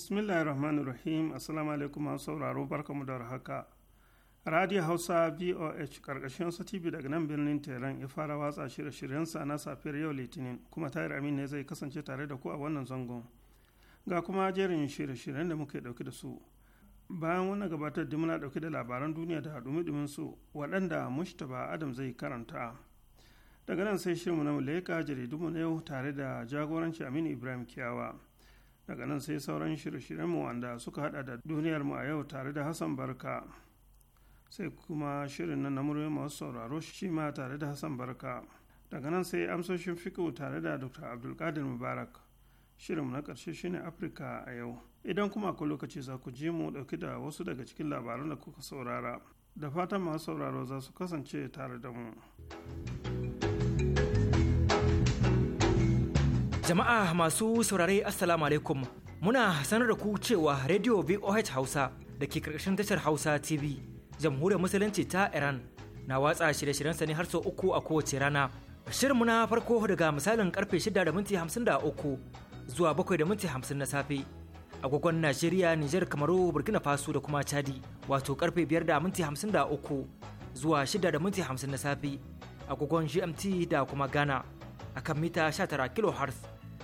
bismillahir rahmanir rahim assalamu alaikum masu sauraro barkamu da haka radio hausa voh karkashin sa tv daga nan birnin tehran ya fara watsa shirye-shiryensa na safiyar yau litinin kuma tayar amin ne zai kasance tare da ku a wannan zangon ga kuma jerin shirye-shiryen da muke dauke da su bayan wannan gabatar da muna dauke da labaran duniya da dumi-dumin su waɗanda mushtaba adam zai karanta daga nan sai shirin shirinmu na jaridu mu na yau tare da jagoranci aminu ibrahim kiyawa daga nan sai sauran shirye-shiryenmu wanda suka hada da duniyar mu a yau tare da hassan barka sai kuma shirin na murya masu sauraro shi ma tare da hassan barka daga nan sai amsoshin fiko tare da dr abdulkadir mubarak shirin na karshe shine afirka a yau idan kuma ku lokaci za ku ji mu ɗauki da wasu daga cikin labaran da kuka saurara da fatan masu sauraro za su kasance tare da mu. Jama'a masu saurare Assalamu alaikum muna sanar da ku cewa Radio VOH Hausa da ke karkashin tashar Hausa TV jamhuriyar musulunci ta Iran na watsa shirye-shiryen Sani har sau uku a kowace rana. Shirinmu na farko daga misalin karfe 6 da minti uku zuwa bakwai da minti hamsin na safe. Agogon Najeriya, Nijar, Kamaru, Burkina Faso da kuma Chadi wato karfe biyar da minti uku zuwa 6 da minti hamsin na safe. Agogon GMT da kuma Ghana akan mita 19 kHz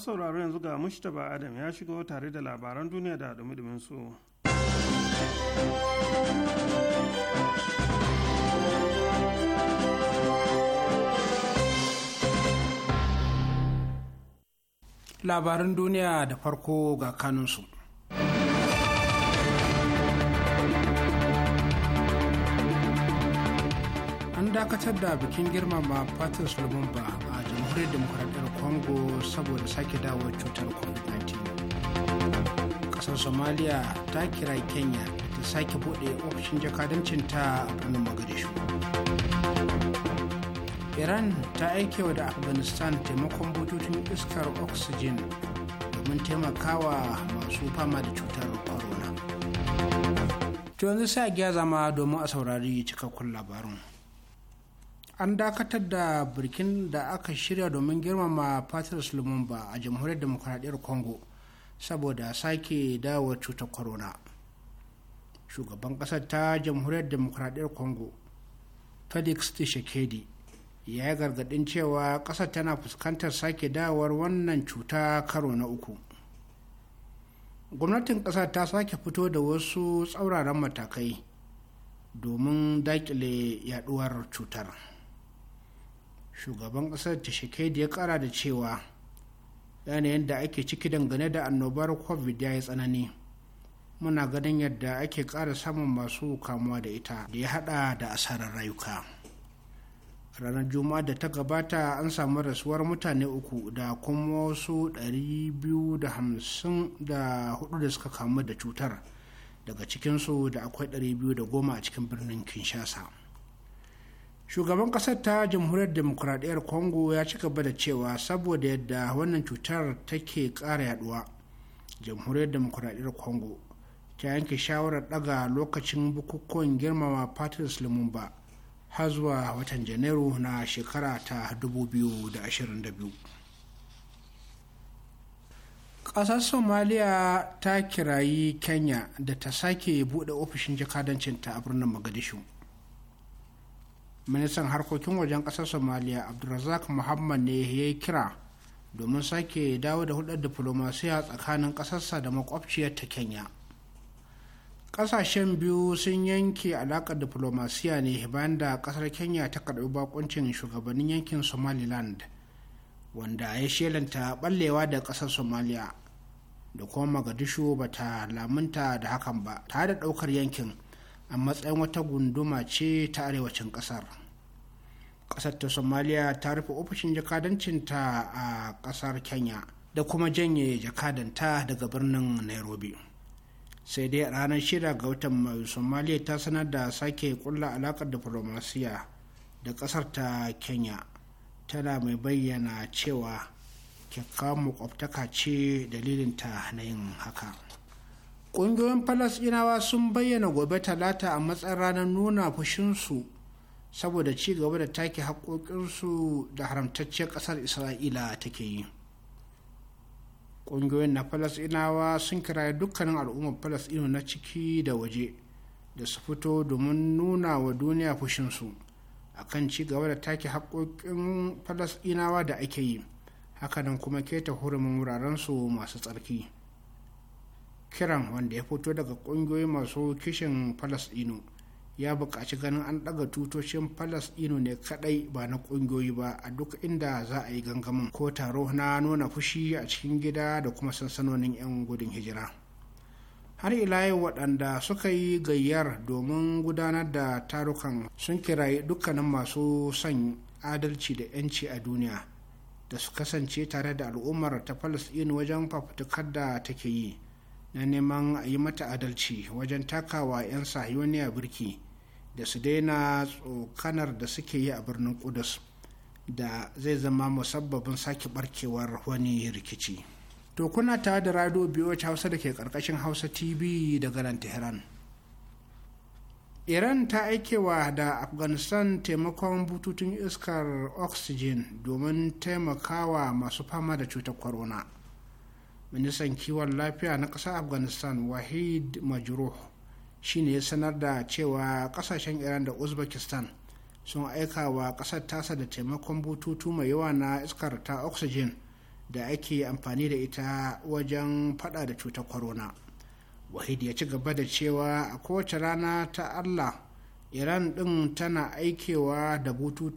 masauraro sauraro yanzu ga Mustapha Adam ya shigo tare da labaran duniya da dumi su. Labaran duniya da farko ga kanunsu. An dakatar da bikin girmama Fatin Sulmumba a jamhuriyar demokuraɗiyar congo saboda sake dawo cutar covid-19 ƙasar Somaliya ta kira kenya ta sake buɗe ofishin jakadancin ta a birnin mogadishu iran ta aike wa da afghanistan taimakon bututun iskar oxygen domin taimakawa masu fama da cutar corona to yanzu sa a gya zama domin a saurari cikakkun labarin an dakatar da birkin da aka shirya domin girmama patrice lumumba a jamhuriyar demokuraɗiyar congo saboda sake dawo cutar corona shugaban ƙasar ta jamhuriyar demokuraɗiyar congo felix tshisekedi ya yi gargaɗin cewa ƙasar tana fuskantar sake dawowar wannan cuta karo na uku gwamnatin ƙasar ta sake fito da wasu tsauraran matakai domin daƙile yaɗuwar cutar. shugaban ƙasar tshisekedi ya ƙara da cewa yanayin da ake ciki dangane da annobar covid ya yi tsanani muna ganin yadda ake ƙara samun masu kamuwa da ita da ya hada da asarar rayuka ranar juma'a da ta gabata an samu rasuwar mutane uku da kuma wasu 254 da suka kamu da cutar daga cikinsu da akwai 210 a cikin birnin kinshasa shugaban kasar ta jamhuriyar demokuraɗiyyar congo ya ci gaba da cewa saboda yadda wannan cutar take ƙara yaduwa jamhuriyar demokuraɗiyyar congo ta yanke shawarar ɗaga lokacin bukukuwan girmama patrice lumumba har zuwa watan janairu na shekara ta 2022 ƙasar somaliya ta kirayi kenya da ta sake buɗe ofishin jakadancinta a birnin magadishu ministan harkokin wajen ƙasar somaliya abdulrazak muhammad ne ya yi kira domin sake dawo da hudar diplomasiya tsakanin ƙasarsa da makwabciyar ta kenya ƙasashen biyu sun yanke alaƙar diplomasiya ne bayan da ƙasar kenya ta karɓi bakuncin shugabannin yankin somaliland wanda ya shelanta ɓallewa da ƙasar somaliya da kuma magadishu ba ta lamunta da hakan ba tare da ɗaukar yankin a matsayin wata gunduma ce ta arewacin ƙasar ƙasar ta somaliya ta rufe ofishin jakadancinta a ƙasar kenya da kuma janye jakadanta daga birnin nairobi sai dai ranar shida ga watan mai somaliya ta sanar da sake kulla alakar diflomasiya da ƙasar ta kenya tana mai bayyana cewa kyakkyawan makwabtaka ce dalilinta na yin haka. ƙungiyoyin falasɗinawa sun bayyana gobe talata a matsayin ranar nuna fushinsu saboda ci gaba da take haƙoƙinsu da haramtacciyar ƙasar isra'ila take yi ƙungiyoyin na falasɗinawa sun kira dukkanin al'ummar falasɗinu na ciki da waje da su fito domin nuna wa duniya fushinsu akan ci gaba da take haƙoƙin falasɗinawa da ake yi hakanan kuma keta hurumin wurarensu masu tsarki kiran wanda ya fito daga kungiyoyi masu kishin falasɗinu ya buƙaci ganin an ɗaga tutocin falasɗinu ne kaɗai ba na ƙungiyoyi ba a duk inda za a yi gangamin ko taro na nuna fushi a cikin gida da kuma sansanonin 'yan gudun hijira har ila yau waɗanda suka yi gayyar domin gudanar da tarukan sun kirayi dukkanin masu son adalci da 'yanci a duniya da su kasance tare da al'ummar ta falasɗinu wajen fafutukar da take yi na neman a yi mata adalci wajen takawa 'yan sahiyoniya birki da su daina tsokanar da suke yi a birnin kudus da zai zama musabbabin sake barkewar wani rikici to kuna tare da rado biyu hausa da ke karkashin hausa tv daga nan tehran iran ta aikewa da afghanistan taimakon bututun iskar oxygen domin taimakawa masu fama da cutar corona. ministan kiwon lafiya na ƙasar afghanistan wahid majruh shine ya sanar da cewa ƙasashen iran da uzbekistan sun aika wa ƙasar tasa da taimakon bututu mai yawa na iskar ta oxygen da ake amfani da ita wajen fada da cutar corona wahid ya ci gaba da cewa a kowace rana ta allah iran din tana aikewa da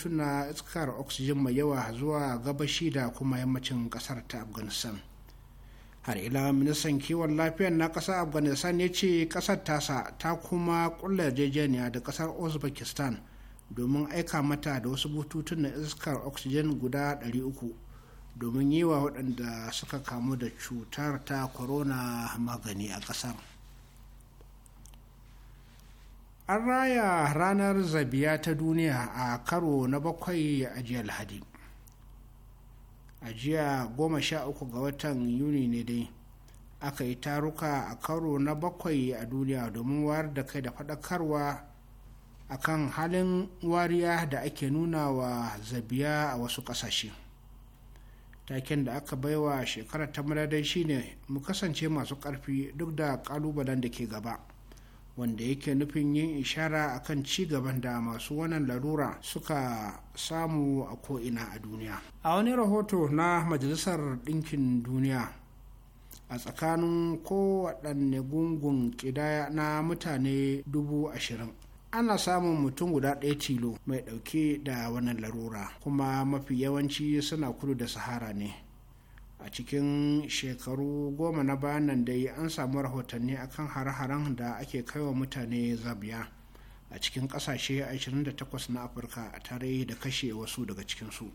na iskar oxygen mai yawa zuwa gabashi da kuma yammacin ƙasar ta afghanistan har ila ministan kiwon lafiyar na kasar afghanistan ya ce kasar tasa ta kuma kulla yarjejeniya da kasar uzbekistan domin aika mata da wasu bututun na iskar oxygen guda 300 domin yi wa waɗanda suka kamu da cutar ta corona magani a ƙasar an raya ranar zabiya ta duniya a karo na bakwai a jiya lahadi a jiya goma sha uku ga watan yuni ne dai aka yi taruka a karo na bakwai a duniya domin wayar da kai da faɗakarwa a kan halin wariya da ake nuna wa zabiya a wasu ƙasashe taken da aka baiwa shekarar ta madadai shine mu kasance masu ƙarfi duk da ƙalubalen da ke gaba wanda yake nufin yin ishara akan ci gaban da masu wannan larura suka samu a ko'ina a duniya a wani rahoto na majalisar ɗinkin duniya a tsakanin kowaɗanne gungun ƙidaya na mutane dubu ashirin ana samun mutum guda ɗaya tilo mai ɗauke da wannan larura kuma mafi yawanci suna kudu da sahara ne a cikin shekaru goma na bayan nan dai an samu rahotanni akan har-haren da ake kaiwa mutane zabiya a cikin kasashe 28 na afirka a tare da kashe wasu daga cikinsu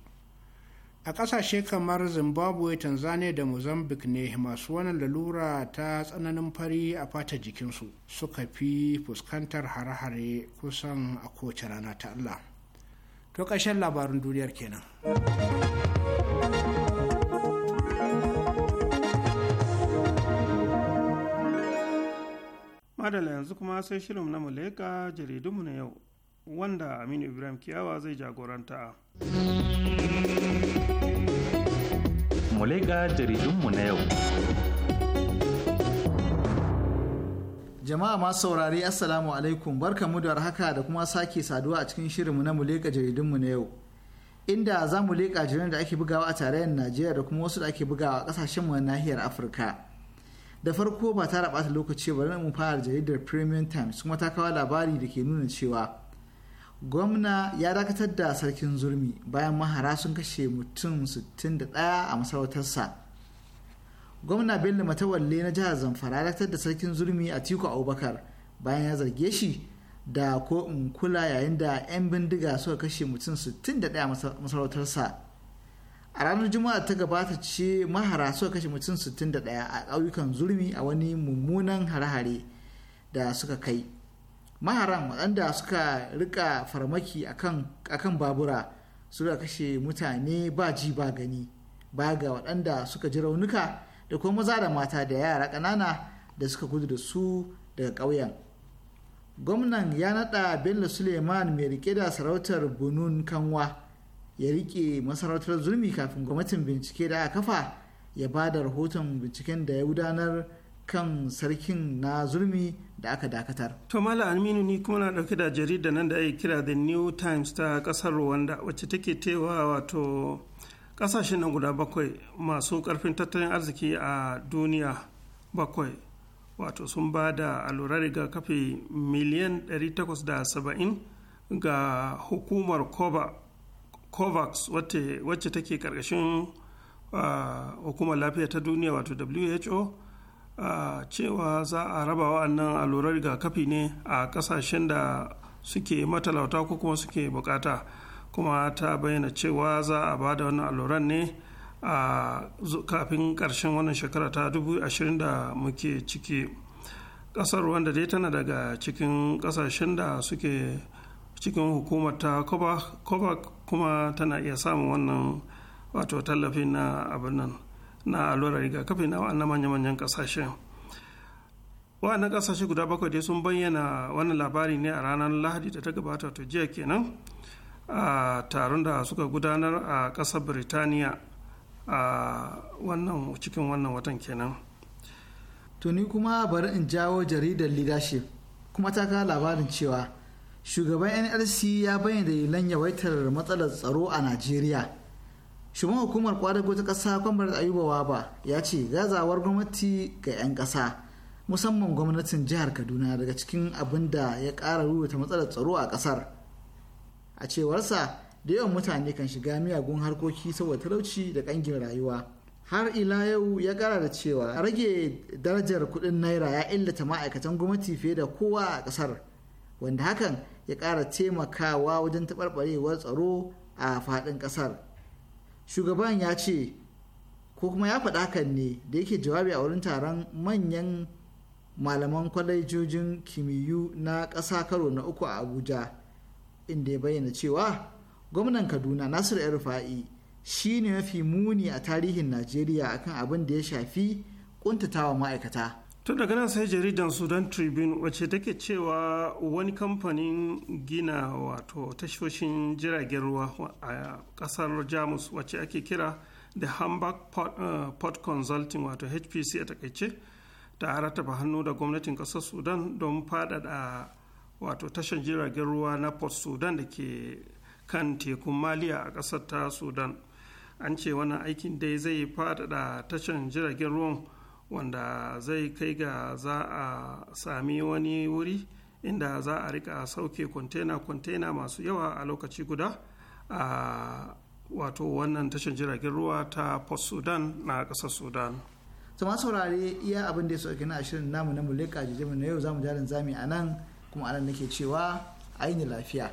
a kasashe kamar zimbabwe tanzania da mozambique ne masu wannan lalura ta tsananin fari a fata jikinsu suka fi fuskantar hare-hare kusan a kowace rana ta allah to ƙarshen labarin duniyar kenan. madala yanzu kuma sai shirin na muleka jaridunmu na yau wanda aminu ibrahim kiyawa zai jagoranta a jaridunmu na yau jama'a masu saurari assalamu alaikum barkamu da haka da kuma sake saduwa a cikin shirinmu na muleka jaridunmu na yau inda za mu leƙa jirin da ake bugawa a tarayyar najeriya da kuma wasu da ake bugawa a mu na nahiyar afirka da farko ba ta rabata lokaci bari mu fara jaridar premium times kuma ta kawo labari da ke nuna cewa gwamna ya dakatar da sarkin zurmi bayan mahara sun kashe mutum 61 a masarautarsa gwamna bello matawalle na jihar zamfara dakatar da sarkin zurmi a tiku abubakar bayan ya zarge shi da ko in kula yayin da 'yan bindiga suka kashe mutum 61 a masarautarsa a ranar juma'a ta gabata ce mahara suka kashe mutum 61 a ƙauyukan zulmi a wani mummunan hare-hare da suka kai maharan waɗanda suka rika farmaki akan babura suka kashe mutane ba ji ba gani ba ga waɗanda suka ji raunuka da kuma maza da mata da yara ƙanana da suka gudu da su daga ƙauyen gwamnan ya naɗa bello suleiman mai rike da sarautar bunun kanwa ya rike masarautar zulmi kafin gwamnatin bincike da aka kafa ya ba da rahoton binciken da ya gudanar kan sarkin na zulmi da aka dakatar. To Mala Aminu ni kuma na ɗauke da jarida nan da ake kira The New Times ta ƙasar Rwanda wacce take tewa wato ƙasashen nan guda bakwai masu ƙarfin tattalin arziki a duniya bakwai wato sun ba da riga kafe miliyan 870 ga hukumar koba covax wacce take karkashin ah, hukumar lafiya ta duniya wato who ah, cewa za a raba wa'annan allurar rigakafi ne a kasashen da suke matalauta ko kuma suke bukata kuma ta bayyana cewa za a ba da wannan alluran ne a ah, kafin karshen wannan shekara ta 2020 da muke ciki kasar wanda dai tana daga cikin kasashen da suke cikin hukumar ta covax. kuma tana iya samun wannan wato tallafi na abin nan na allurar rigakafi na wa'annan manya-manyan kasashen wa'annan kasashe guda bakwai dai sun bayyana wannan labari ne a ranar lahadi da ta gabata to jiya kenan a taron da suka gudanar a ƙasar birtaniya a wannan cikin wannan watan kenan to ni kuma bari in jawo jaridar leadership kuma ta kawo labarin cewa shugaban nlc ya bayyana dalilan yawaitar matsalar tsaro a najeriya shugaban hukumar kwadago ta ƙasa kwamfani ayuba ba ya ce gazawar gwamnati ga 'yan ƙasa musamman gwamnatin jihar kaduna daga cikin abin da ya kara rubuta matsalar tsaro a kasar. a cewarsa da yawan mutane kan shiga miyagun harkoki saboda talauci da ƙangin rayuwa har ila yau ya kara da cewa rage darajar kuɗin naira ya illata ma'aikatan gwamnati fiye da kowa a ƙasar wanda hakan ya ƙara taimakawa wajen taɓarɓarewar tsaro a faɗin ƙasar shugaban ya ce ko kuma ya faɗa hakan ne da yake jawabi a wurin taron manyan malaman kwalejojin kimiyyu na ƙasa karo na uku a abuja inda ya bayyana cewa gwamnan kaduna nasiru yan rufa'i shi ne mafi muni a tarihin najeriya akan abin da ya shafi ƙuntatawa ma'aikata tun daga nan sai jaridan sudan tribune wacce take cewa wani kamfanin gina wato tashoshin jiragen ruwa a kasar jamus wacce ake kira the hamburg port eh, consulting wato hpc a takaice ta rataba hannu da gwamnatin kasar sudan don faɗaɗa wato tashar jiragen ruwa na port sudan da ke kan tekun maliya a kasar ta sudan an ce wannan aikin dai zai faɗaɗa tashar jiragen ruwan wanda zai kai ga za a sami wani wuri inda za a rika sauke kwantena-kwantena masu yawa a lokaci guda a wato wannan tashar jiragen ruwa ta port sudan na ƙasar sudan sama saurare iya abin da ya sauke na ashirin namu na muleka jijimu na yau za mu jarin zami a nan kuma anan nake cewa aini lafiya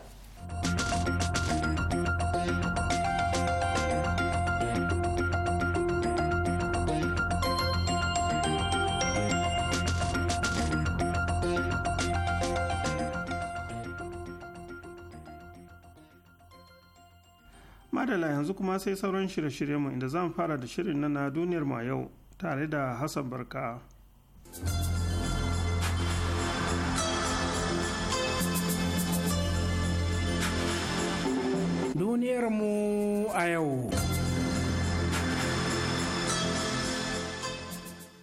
madala yanzu kuma sai sauran shirye-shiryenmu shirye inda zan fara da shirin na duniyar ma yau tare da hassan barka duniyarmu a yau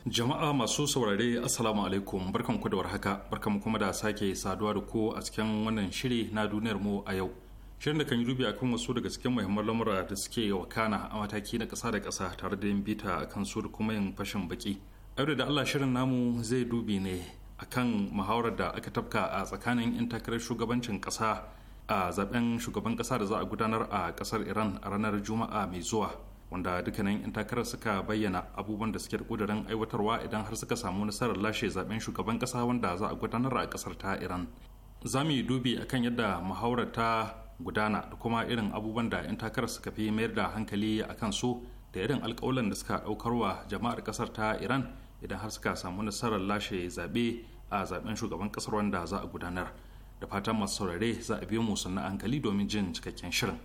jama'a masu saurare assalamu alaikum barkan ku haka warhaka barkan kuma da sake saduwa da ku a cikin wannan shiri na duniyarmu a yau shirin da kan yi dubi akan wasu daga cikin muhimman lamura da suke wakana a mataki na ƙasa da ƙasa tare da yin bita akan su da kuma yin fashin baki aure da allah shirin namu zai dubi ne akan muhawarar da aka tafka a tsakanin 'yan takarar shugabancin ƙasa a zaben shugaban ƙasa da za a gudanar a ƙasar iran a ranar juma'a mai zuwa wanda dukkanin 'yan takarar suka bayyana abubuwan da suke da kudurin aiwatarwa idan har suka samu nasarar lashe zaben shugaban ƙasa wanda za a gudanar a ƙasar ta iran za mu yi dubi akan yadda muhawarar ta gudana da kuma irin abubuwan da 'yan takarar suka fi mayar da hankali a kan su da irin alkawalan da suka daukarwa jama'ar kasar ta iran idan har suka samu nasarar lashe zaɓe a zaɓen shugaban kasar wanda za a gudanar da fatan masu saurare za a biyo mu sannan hankali domin jin cikakken shirin.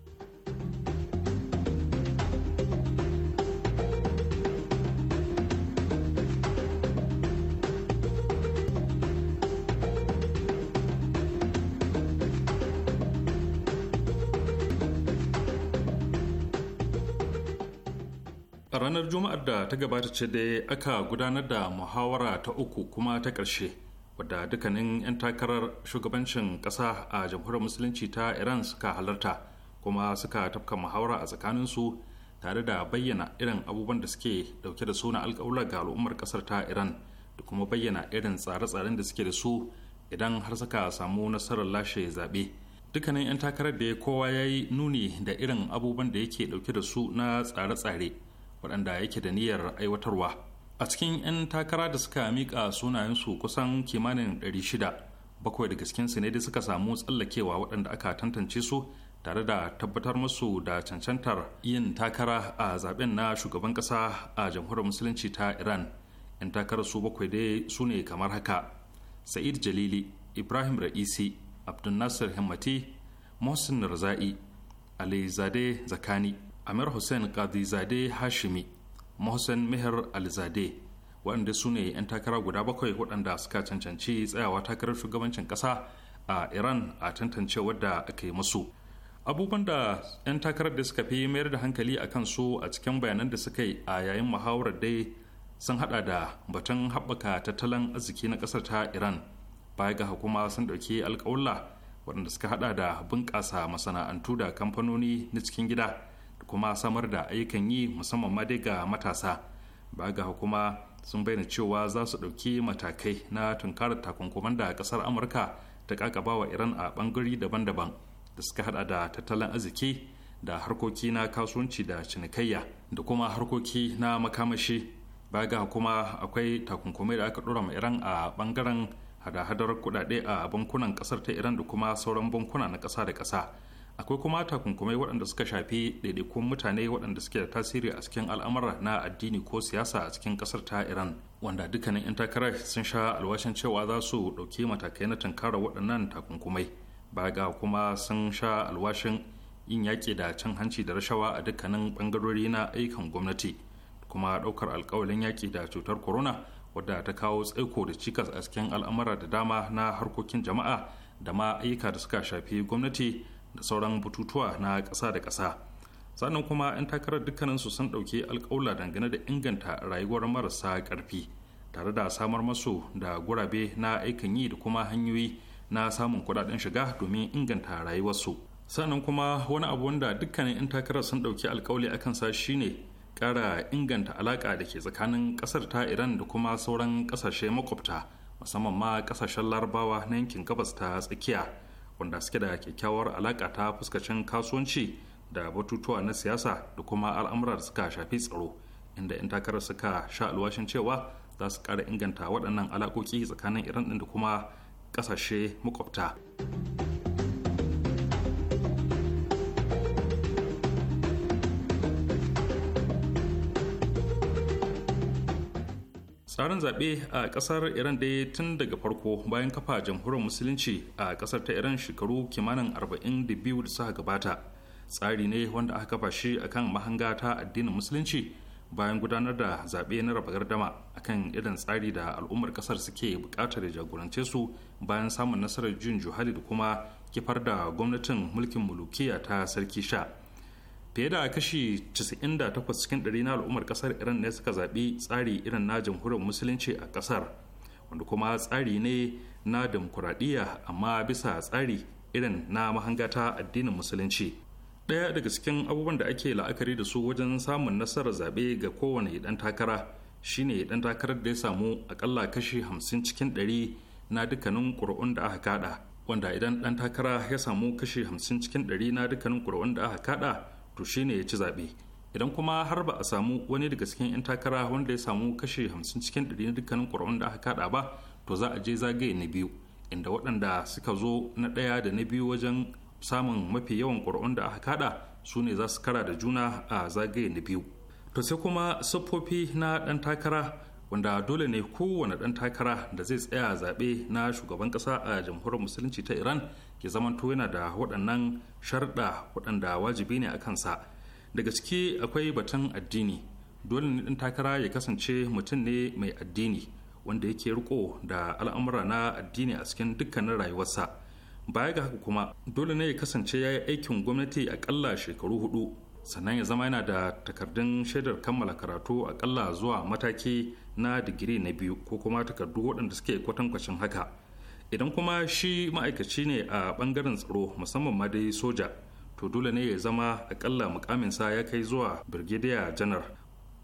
ranar juma'ar da ta gabata ce dai aka gudanar da muhawara ta uku kuma ta ƙarshe wadda dukkanin 'yan takarar shugabancin ƙasa a jamhuriyar musulunci ta iran suka halarta kuma suka tafka muhawara a tsakaninsu tare da bayyana irin abubuwan da suke dauke da suna alƙawura ga al'ummar ƙasar ta iran da kuma bayyana irin tsare-tsaren da suke da su idan har suka samu nasarar lashe zaɓe dukkanin 'yan takarar da kowa ya yi nuni da irin abubuwan da yake dauke da su na tsare-tsare waɗanda yake da niyyar aiwatarwa a cikin 'yan takara da suka miƙa sunayensu kusan kimanin 600 bakwai daga cikinsu ne da suka samu tsallakewa waɗanda aka tantance su tare da tabbatar musu da cancantar yin takara a zaben na shugaban ƙasa a jamhuriyar musulunci ta iran 'yan takarar su bakwai dai su ne kamar haka sa'id jalili ibrahim ra'isi abdul nasir himmati mohsin narza'i ali zade zakani amir hussein kadizade hashimi mohsen mihir alizade waɗanda su ne 'yan takara guda bakwai waɗanda suka cancanci tsayawa takarar shugabancin ƙasa a iran a tantance wadda aka yi musu abubuwan da 'yan takarar da suka fi mayar da hankali a kansu a cikin bayanan da suka yi a yayin muhawarar dai sun hada da batun haɓaka tattalin arziki na ƙasar ta iran baya ga hukuma sun ɗauki alƙawalla waɗanda suka hada da bunƙasa masana'antu da kamfanoni na cikin gida kuma samar da ayyukan yi musamman ma dai ga matasa ba ga hukuma sun bayyana cewa za su ɗauki matakai na tunkarar takunkuman da ƙasar amurka ta ƙaƙabawa iran a ɓangare daban-daban da suka hada da tattalin arziki da harkoki na kasuwanci da cinikayya da kuma harkoki na makamashi ba ga kuma akwai takunkumai da aka ɗora ma iran a ɓangaren hada-hadar kuɗaɗe a bankunan ƙasar ta iran da kuma sauran bankuna na ƙasa da ƙasa akwai kuma takunkumai waɗanda suka shafi ɗaiɗaikun mutane waɗanda suke da tasiri a cikin al'amura na addini ko siyasa a cikin ƙasar ta iran wanda dukkanin 'yan takara sun sha alwashin cewa za su ɗauki matakai na tunkara waɗannan takunkumai ba ga kuma sun sha alwashin yin yaƙi da cin hanci da rashawa a dukkanin ɓangarori na ayyukan gwamnati kuma ɗaukar alkawalin yaƙi da cutar corona wadda ta kawo tsaiko da cikas a cikin al'amura da dama na harkokin jama'a da ma ayyuka da suka shafi gwamnati da sauran bututuwa na ƙasa da ƙasa sannan kuma 'yan takarar dukkaninsu sun ɗauki alƙawla dangane da inganta rayuwar marasa ƙarfi tare da samar masu da gurabe na aikin yi da kuma hanyoyi na samun kudaden shiga domin inganta rayuwarsu sannan kuma wani abu wanda dukkanin 'yan takarar sun ɗauki alƙawli akan sa shine ƙara inganta alaƙa da ke tsakanin ƙasar ta iran da kuma sauran ƙasashe makwabta musamman ma ƙasashen larabawa na yankin gabas ta tsakiya wanda suke da kyakkyawar alaƙa ta fuskacin kasuwanci da batutuwa na siyasa da kuma al'amura da suka shafi tsaro inda 'yan takarar suka sha alwashin cewa za su ƙara inganta waɗannan alaƙoƙi tsakanin iran ɗin da kuma ƙasashe makwabta. tsarin zaɓe a ƙasar iran daya tun daga farko bayan kafa jamhuriyar musulunci a ƙasar ta iran shekaru kimanin arba'in da biyu da suka gabata tsari ne wanda aka kafa shi akan mahanga ta addinin musulunci bayan gudanar da zaɓe na raba gardama akan irin tsari da al'ummar ƙasar suke buƙatar ya jagorance su bayan samun nasarar jin juhali da kuma kifar da gwamnatin mulkin mulukiya ta sarki sha fiye da kashi 98 cikin dari na al'ummar ƙasar iran ne suka zaɓi tsari irin na jamhuriyar musulunci a ƙasar wanda kuma tsari ne na demokuraɗiyya amma bisa tsari irin na mahangata addinin musulunci ɗaya daga cikin abubuwan da ake la'akari da su wajen samun nasarar zaɓe ga kowane ɗan takara shine ɗan takarar da ya samu akalla kashi 50 cikin 100 na dukkanin ƙuri'un da aka kada wanda idan ɗan takara ya samu kashi 50 cikin 100 na dukkanin ƙuri'un da aka kada to shi ne ya ci zaɓe idan kuma har ba a samu wani daga cikin 'yan takara wanda ya samu kashe 50 cikin 100 na dukkanin ƙuri'un da aka kada ba to za a je zagaye na biyu inda waɗanda suka zo na ɗaya da na biyu wajen samun mafi yawan ƙuri'un da aka kada su ne za su kara da juna a zagaye na biyu to sai kuma siffofi na ɗan takara wanda dole ne kowane ɗan takara da zai tsaya zaɓe na shugaban ƙasa a jamhuriyar musulunci ta iran ya zamanto yana da waɗannan sharɗa waɗanda wajibi ne a kansa daga ciki akwai batun addini dole ne ɗin takara ya kasance mutum ne mai addini wanda yake riko da al'amura na addini a cikin dukkanin rayuwarsa baya ga haka kuma dole ne ya kasance ya yi aikin gwamnati akalla shekaru hudu sannan ya zama yana da takardun shaidar kammala karatu akalla zuwa mataki na digiri na biyu ko kuma takardu waɗanda suke kwatankwacin haka idan kuma shi ma'aikaci ne a bangaren tsaro musamman ma dai soja to dole ne ya zama akalla mukaminsa ya kai zuwa birgidiya janar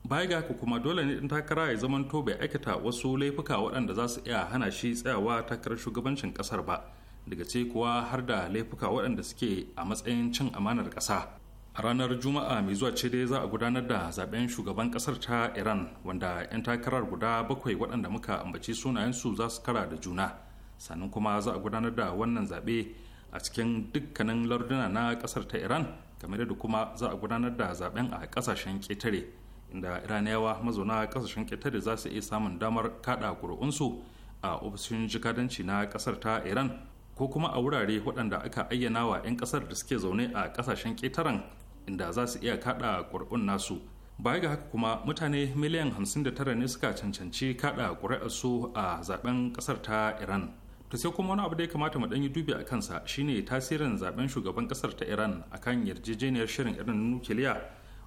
baya ga haka kuma dole ne ɗan takara ya zama to bai aikata wasu laifuka waɗanda za su iya hana shi tsayawa takarar shugabancin ƙasar ba daga ce kuwa har da laifuka waɗanda suke a matsayin cin amanar ƙasa a ranar juma'a mai zuwa ce dai za a gudanar da zaben shugaban ƙasar ta iran wanda 'yan takarar guda bakwai waɗanda muka ambaci sunayensu za su kara da juna sannan kuma za a gudanar da wannan zaɓe a cikin dukkanin larduna na ƙasar ta iran kamar da kuma za a gudanar da zaɓen a ƙasashen ƙetare inda iraniyawa mazauna ƙasashen ƙetare za su iya samun damar kaɗa ƙuri'unsu a ofishin jikadanci na ƙasar ta iran ko kuma a wurare waɗanda aka ayyana wa 'yan ƙasar da suke zaune a ƙasashen ƙetaren inda za su iya kaɗa ƙuri'un nasu baya ga haka kuma mutane miliyan 59 ne suka cancanci kaɗa ƙuri'arsu a zaben ƙasar ta iran ta sai kuma wani abu da ya kamata mu yi dubi a kansa shine tasirin zaben shugaban kasar ta iran akan yarjejeniyar shirin irin nukiliya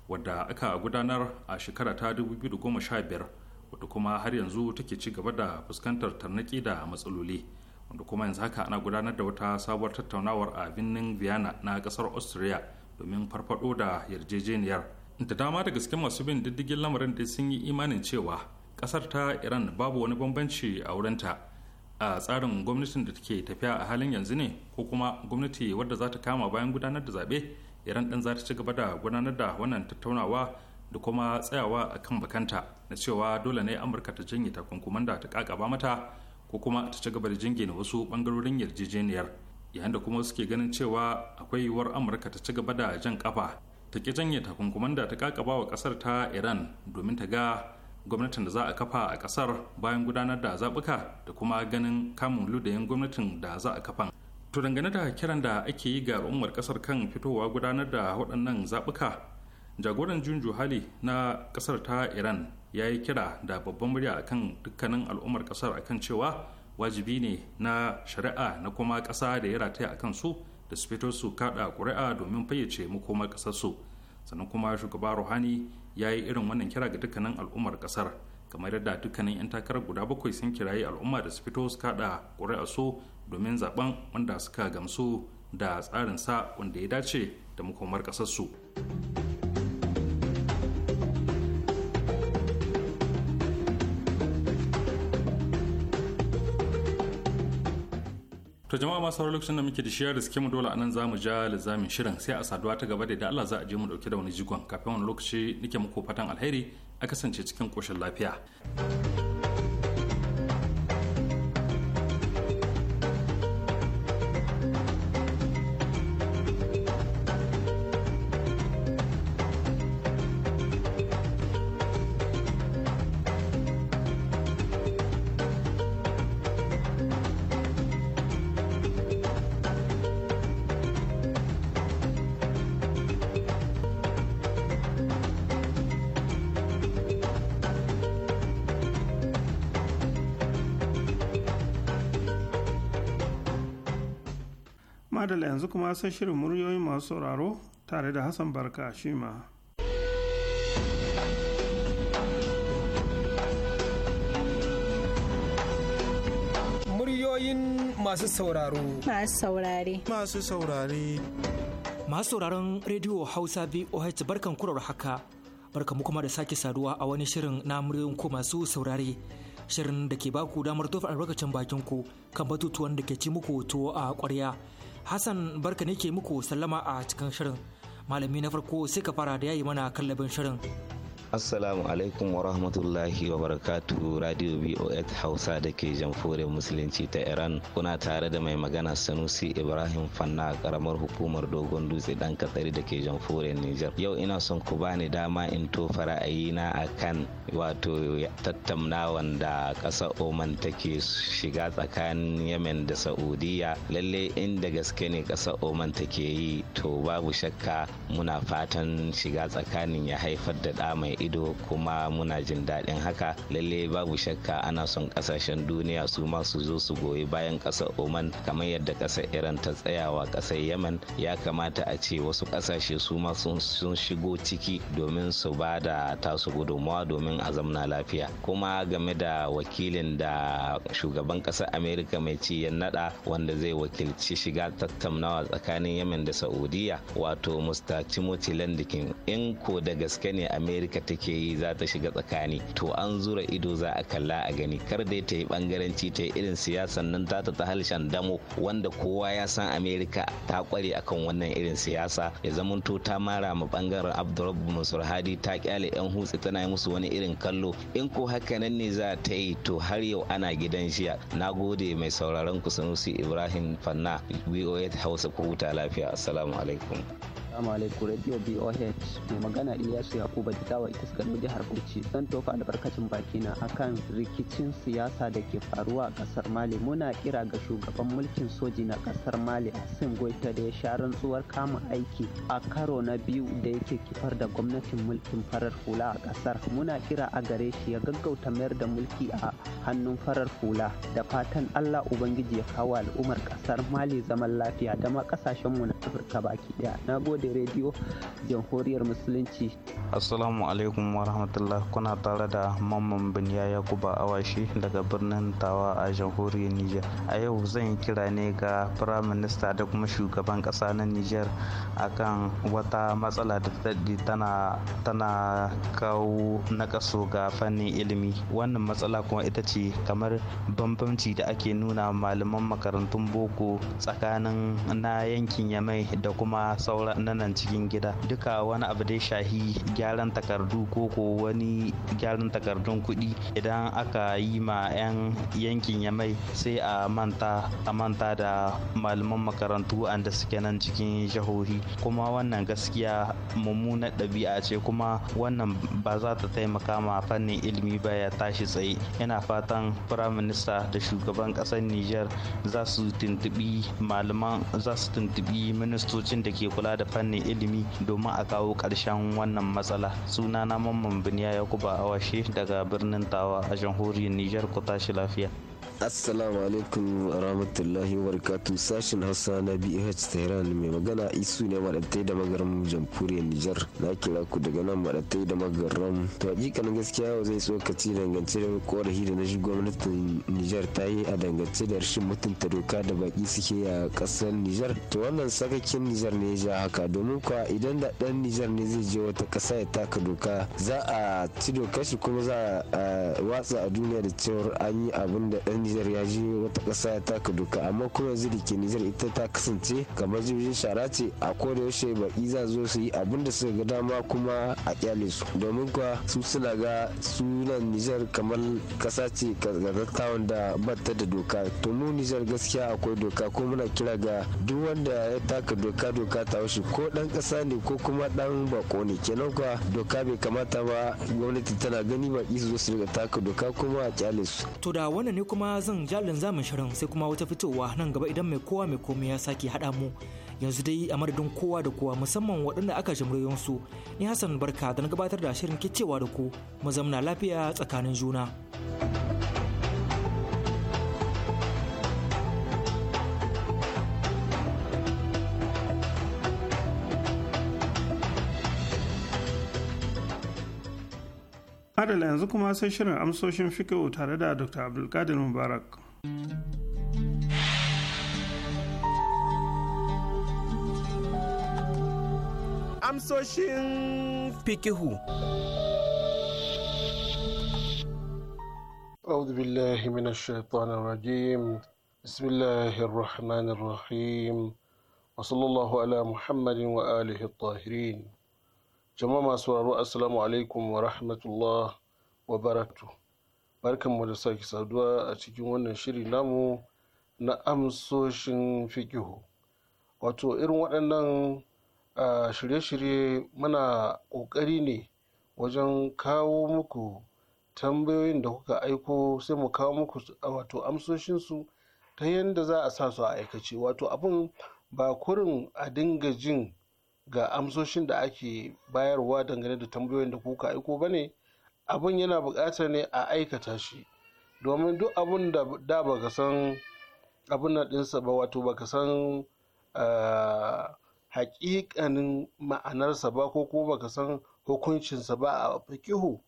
wadda aka gudanar a shekara ta 2015 wadda kuma har yanzu take ci gaba da fuskantar tarnaki da matsaloli wanda kuma yanzu haka ana gudanar da wata sabuwar tattaunawar a birnin vienna na kasar austria domin farfado da yarjejeniyar da dama da gaske masu bin diddigin lamarin da sun yi imanin cewa kasar ta iran babu wani bambanci a wurinta a tsarin gwamnatin da take tafiya a halin yanzu ne ko kuma gwamnati wadda za ta kama bayan gudanar da zaɓe iran ɗin za ta ci gaba da gudanar da wannan tattaunawa da kuma tsayawa a kan bakanta na cewa dole ne amurka ta janye takunkuman da ta kakaba mata ko kuma ta ci gaba da na wasu ɓangarorin yarjejeniyar yayin da kuma suke ganin cewa akwai yiwuwar amurka ta ci gaba da jan kafa ta ki janye takunkuman da ta kakaba wa kasar ta iran domin ta ga gwamnatin da za a kafa a kasar bayan gudanar da zaɓuka da kuma ganin kamun ludayen gwamnatin da za a kafa to dangane da kiran da ake yi ga al'ummar kasar kan fitowa gudanar da waɗannan zaɓuka jagoran junju hali na kasar ta iran ya yi kira da babban murya akan dukkanin al'ummar kasar kan cewa wajibi ne na shari'a na kuma ƙasa da ya rataya a kansu da su fito su kaɗa ƙuri'a domin fayyace makomar ƙasarsu sannan kuma shugaba ruhani ya yi irin wannan kira ga dukkanin al'ummar kasar kamar yadda dukkanin 'yan takarar guda bakwai sun kirayi al'umma da su fito su kaɗa ƙuri'a so domin zaben wanda suka gamsu da tsarin sa wanda ya dace da makomar ƙasarsu. su to jama'a masu sauran lokacin da muke da shiyar riske mu dole anan zamu ja lizamin shirin sai a saduwa ta gaba da da Allah za a je mu dauke da wani jigon kafin wani lokaci nake muku fatan alheri a kasance cikin koshin lafiya. kuma san shirin muryoyin masu sauraro tare da Hassan Barka Shima. Muryoyin masu sauraro. Masu saurare. Masu saurare. Masu sauraron rediyo Hausa BOH barkan kurar haka. Barkanmu kuma da sake saduwa a wani shirin na muryoyin ko masu saurare. Shirin da ke baku damar tofa albarkacin bakin ku kan batutuwan da ke ci muku tuwo a ƙwarya. Hassan barka ne ke muku sallama a cikin shirin. Malami na farko sai ka fara da yayi mana kallabin shirin. Assalamu alaikum wa rahmatullahi wa barakatu Radio BOS Hausa da ke jamfore Musulunci ta Iran kuna tare da mai magana Sanusi Ibrahim Fanna karamar hukumar Dogon Dutse dan Katsari da ke jamfore Nijar. Yau ina son ku bani dama in tofa a kan wato tattaunawan da ƙasar Oman take shiga tsakanin Yemen da Saudiya. Lalle inda gaske ne ƙasar Oman take yi to babu shakka muna fatan shiga tsakanin ya haifar da ɗa ido kuma muna jin daɗin haka lalle babu shakka ana son ƙasashen duniya su ma su zo su goyi bayan ƙasar oman kamar yadda ƙasar iran ta tsayawa ƙasar yaman ya kamata a ce wasu ƙasashe su ma sun shigo ciki domin su ba da tasu gudunmawa domin a zamna lafiya kuma game da wakilin da shugaban ƙasar amerika mai ci ya naɗa wanda zai wakilci shiga tattaunawa tsakanin yamen da saudiya wato musta timothy landikin in ko da gaske ne amerika take yi za ta shiga tsakani to an zura ido za a kalla a gani kar da ta yi bangaranci ta yi irin siyasa nan ta ta halshen damo wanda kowa ya san amerika ta kware akan wannan irin siyasa ya zamanto ta mara ma bangaren abdurrabbu mansur hadi ta kyale yan hutsi tana yi musu wani irin kallo in ko haka nan ne za ta yi to har yau ana gidan jiya na gode mai sauraron ku sanusi ibrahim fanna voa hausa ko huta lafiya assalamu alaikum Assalamu alaikum Radio BOH mai magana Ilyasu Yakuba jitawa ita suka jihar Bauchi zan tofa albarkacin bakina akan rikicin siyasa da ke faruwa a kasar Mali muna kira ga shugaban mulkin soji na kasar Mali Hassan Goita da ya sha rantsuwar kama aiki a karo na biyu da yake kifar da gwamnatin mulkin farar hula a kasar muna kira a gare shi ya gaggauta mayar da mulki a hannun farar hula da fatan Allah Ubangiji ya kawo al'ummar kasar Mali zaman lafiya da ma kasashenmu na Afirka baki daya gode. da rediyo jamhuriyar musulunci assalamu alaikum wa rahmatullah kuna tare da mamman biniya yakuba awashi daga birnin tawa a jamhuriyar Nijar? a yau zan yi kira ne ga firayim da kuma shugaban kasa na niger akan wata matsala da daɗi tana tana kawo nakaso ga fannin ilimi wannan matsala kuma ita ce kamar bambanci da ake nuna malaman makarantun boko tsakanin na yankin yamai da kuma sauran nan cikin gida duka wani abu dai shahi gyaran takardu ko ko wani gyaran takardun kuɗi idan aka yi ma 'yan yankin yamai sai a manta a manta da malaman makarantu da suke nan cikin jihohi kuma wannan gaskiya mummunar ɗabi'a ce kuma wannan ba za ta taimaka ma fannin ilimi ba ya tashi tsaye yana fatan firaminista da shugaban ƙasar Nijar za su tuntubi malaman za su tuntubi ministocin da ke kula da fannin fannin ilimi domin a kawo ƙarshen wannan matsala sunana mamman biniya yakuba awashe daga birnin tawa a jamhuriyar nijar ku tashi lafiya assalamu alaikum rahmatullahi wabarakatuh sashen hausa na bh tehran mai magana isu ne madatai da magaram jamhuriyar nijar na kira ku daga nan maɗatai da magaram to hakikanin gaskiya yau zai tsokaci dangance da korafi da na shi gwamnatin nijar ta yi a dangance da rashin mutunta doka da baki suke a kasar nijar to wannan sakakin nijar ne ya ja haka domin kuwa idan da ɗan nijar ne zai je wata kasa ya taka doka za a ci dokar shi kuma za a watsa a duniya da cewar an yi abin da ɗan Nijar ya ji wata ƙasa ya taka doka amma kuma yanzu da ke Nijar ita ta kasance kamar jirgin shara ce a koda yaushe baki za zo su yi abin da suka ga dama kuma a kyale su domin kuwa su suna ga sunan Nijar kamar ƙasa ce gaggatawan da batta da doka to mu Nijar gaskiya akwai doka ko muna kira ga duk wanda ya taka doka doka ta wuce ko dan ƙasa ne ko kuma dan bako ne kenan kuwa doka bai kamata ba gwamnati tana gani baki su zo su riga taka doka kuma a kyale su to da wannan ne kuma zan jalin zamin shirin sai kuma wata fitowa nan gaba idan mai kowa mai komai ya sake haɗa mu yanzu dai a madadin kowa da kowa musamman waɗanda aka jimriyon su ni hassan barka da na gabatar da shirin kicewa da ku mu zamna lafiya tsakanin juna. Adal yanzu kuma sai shirin amsoshin fikihu tare da dr abdulkadir mubarak amsoshin fikihu أعوذ بالله من الشيطان الرجيم بسم الله الرحمن الرحيم وصلى الله على محمد وآله الطاهرين jama'a masu sauraro assalamu alaikum wa rahmatullah wa baratu barkanmu da sake saduwa a cikin wannan shiri namu na amsoshin fikihu wato irin waɗannan shirye-shirye muna ƙoƙari ne wajen kawo muku tambayoyin da kuka aiko sai mu kawo muku wato amsoshinsu ta yadda za a sa su a aikace wato abin ba kurin a dinga jin ga amsoshin da ake bayarwa dangane da tambayoyin da kuka aiko ba ne abin yana buƙatar ne a aikata shi domin duk abin da da baka san abin nan ɗinsa ba wato baka san ah, haƙiƙanin ma'anarsa ba ko kuma baka san hukuncinsa ba a fikihu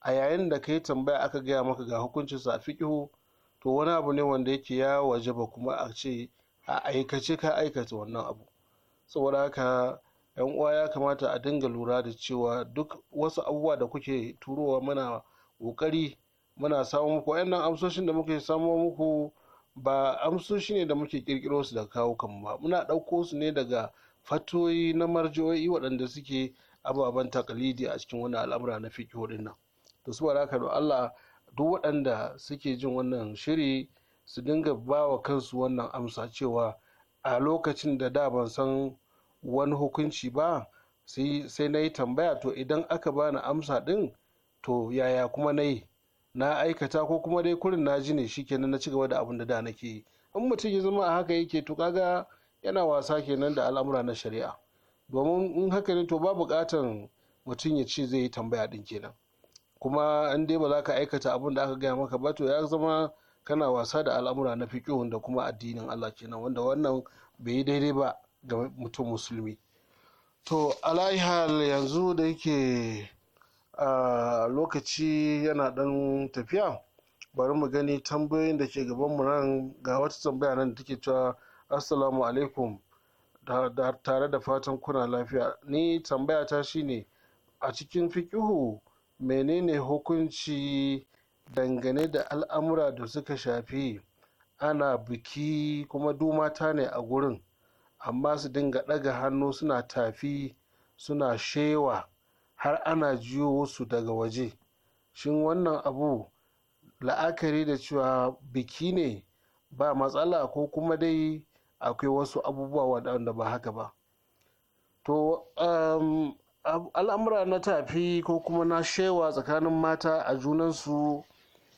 a yayin da ka yi tambaya aka gaya maka ga hukuncinsa a fikihu to wani abu ne wanda yake ya waje ba kuma a ce a aikace ka aikata wannan abu saboda haka yan uwa ya kamata a dinga lura da cewa duk wasu abubuwa da kuke turowa muna kokari muna samu muku wayannan amsoshin da muke samun muku ba amsoshi ne da muke kirkiro su da kawo kan ba muna ɗauko su ne daga fatoyi na marjoyi waɗanda suke ababen takalidi a cikin wani al'amura na fiƙi hudun nan to su haka da Allah duk waɗanda suke jin wannan shiri su dinga ba wa kansu wannan amsa cewa a lokacin da da ban san wani hukunci ba sai na yi tambaya to idan aka bani amsa din to yaya kuma na yi na aikata ko kuma dai kurin na ji ne shi shikenan na cigaba da abin da da nake yi in mutum ya zama a haka yake to kaga yana wasa kenan da al'amura na shari'a domin in haka ne to ba bukatan mutum ya ce zai yi tambaya din kenan kuma an dai ba za ka aikata abin da aka gaya maka ba to ya zama kana wasa da al'amura na fiƙihun da kuma addinin Allah kenan wanda wannan bai yi daidai ba ga mutum musulmi to alaihal yanzu da yake a lokaci yana dan tafiya bari mu gani tambayoyin da ke gaban mu nan ga wata tambaya nan da take cewa assalamu alaikum da tare da fatan kuna lafiya ni tambaya ta shine a cikin fikihu menene hukunci dangane da al'amura da suka shafi ana biki kuma dumata ne a gurin amma su dinga ɗaga hannu suna tafi suna shewa har ana jiyo wasu daga waje shin wannan abu la'akari da cewa biki ne ba matsala ko kuma dai akwai wasu abubuwa waɗanda ba haka ba to um, al'amura na tafi ko kuma na shewa tsakanin mata a junansu